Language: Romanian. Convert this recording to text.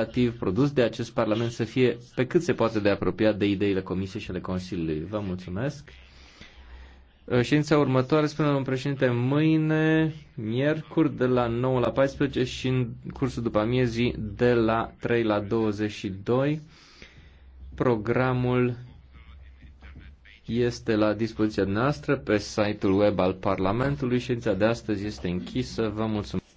legislativ produs de acest Parlament să fie pe cât se poate de apropiat de ideile Comisiei și ale Consiliului. Vă mulțumesc. Uh, ședința următoare, spune domnul președinte, mâine, miercuri, de la 9 la 14 și în cursul după amiezii de la 3 la 22. Programul este la dispoziția noastră pe site-ul web al Parlamentului. Ședința de astăzi este închisă. Vă mulțumesc.